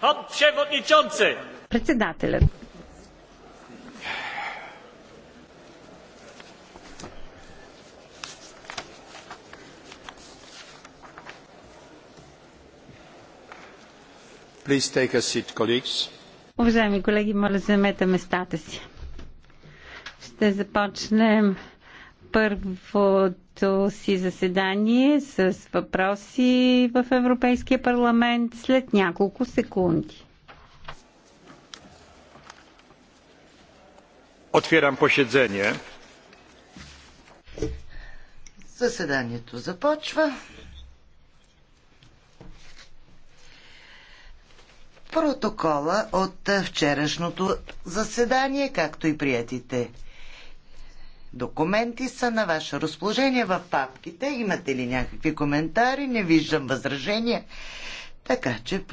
Pan przewodniczący! Председателят. Please take a seat, colleagues. Уважаеми колеги, моля заемете местата си. Ще започнем първото си заседание с въпроси в Европейския парламент след няколко секунди. Отвирам поседение. Заседанието започва. Протокола от вчерашното заседание, както и приятите документи са на ваше разположение в папките. Имате ли някакви коментари? Не виждам възражения. Така че